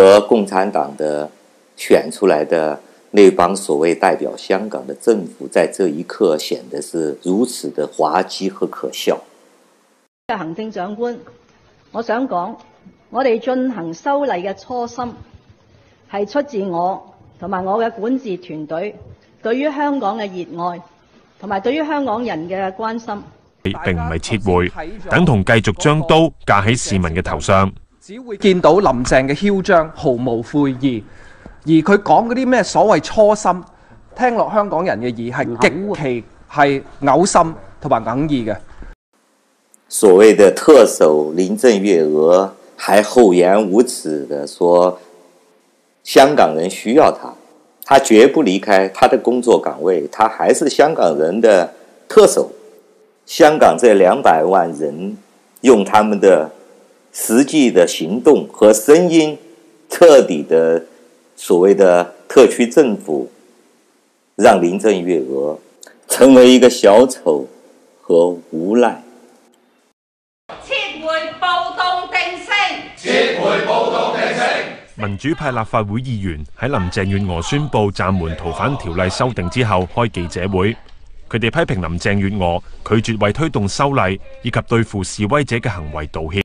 和共產黨的選出來的那幫所謂代表，香港的政府在這一刻顯得是如此的滑稽和可笑。行政長官，我想講，我哋進行修例嘅初心，係出自我同埋我嘅管治團隊對於香港嘅熱愛，同埋對於香港人嘅關心。並唔係撤回，等同繼續將刀架喺市民嘅頭上。只會見到林鄭嘅囂張，毫無悔意，而佢講嗰啲咩所謂初心，聽落香港人嘅耳係極其係嘔心同埋哽咽嘅。所謂的特首林鄭月娥，還厚顏無恥的說香港人需要他，他絕不離開他的工作崗位，他還是香港人的特首。香港這兩百萬人用他們的。實際的行動和聲音，徹底的所謂的特區政府，讓林鄭月娥成為一個小丑和無賴。撤回暴動定性，撤回暴動定性。民主派立法會議員喺林鄭月娥宣布暫緩逃犯條例修訂之後開記者會，佢哋批評林鄭月娥拒絕為推動修例以及對付示威者嘅行為道歉。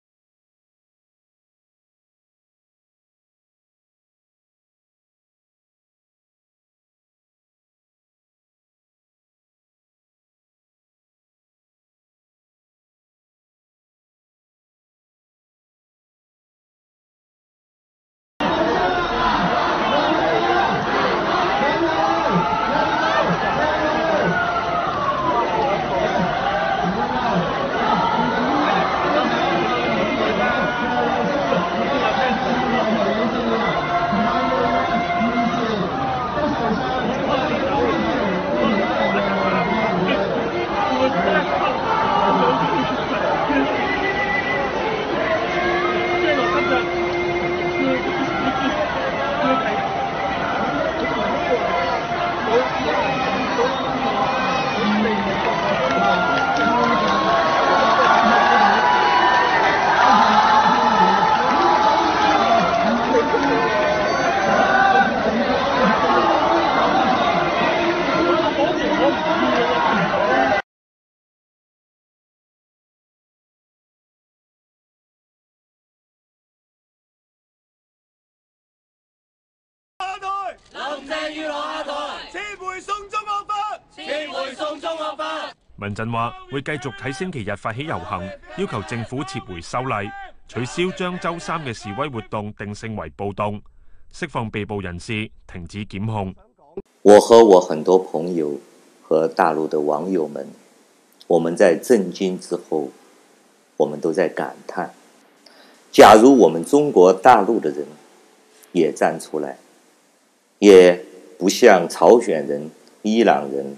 民陣話會繼續喺星期日發起遊行，要求政府撤回修例，取消將周三嘅示威活動定性為暴動，釋放被捕人士、停止檢控。我和我很多朋友和大陸的網友們，我們在震驚之後，我們都在感嘆：假如我們中國大陸的人也站出來，也不像朝鮮人、伊朗人，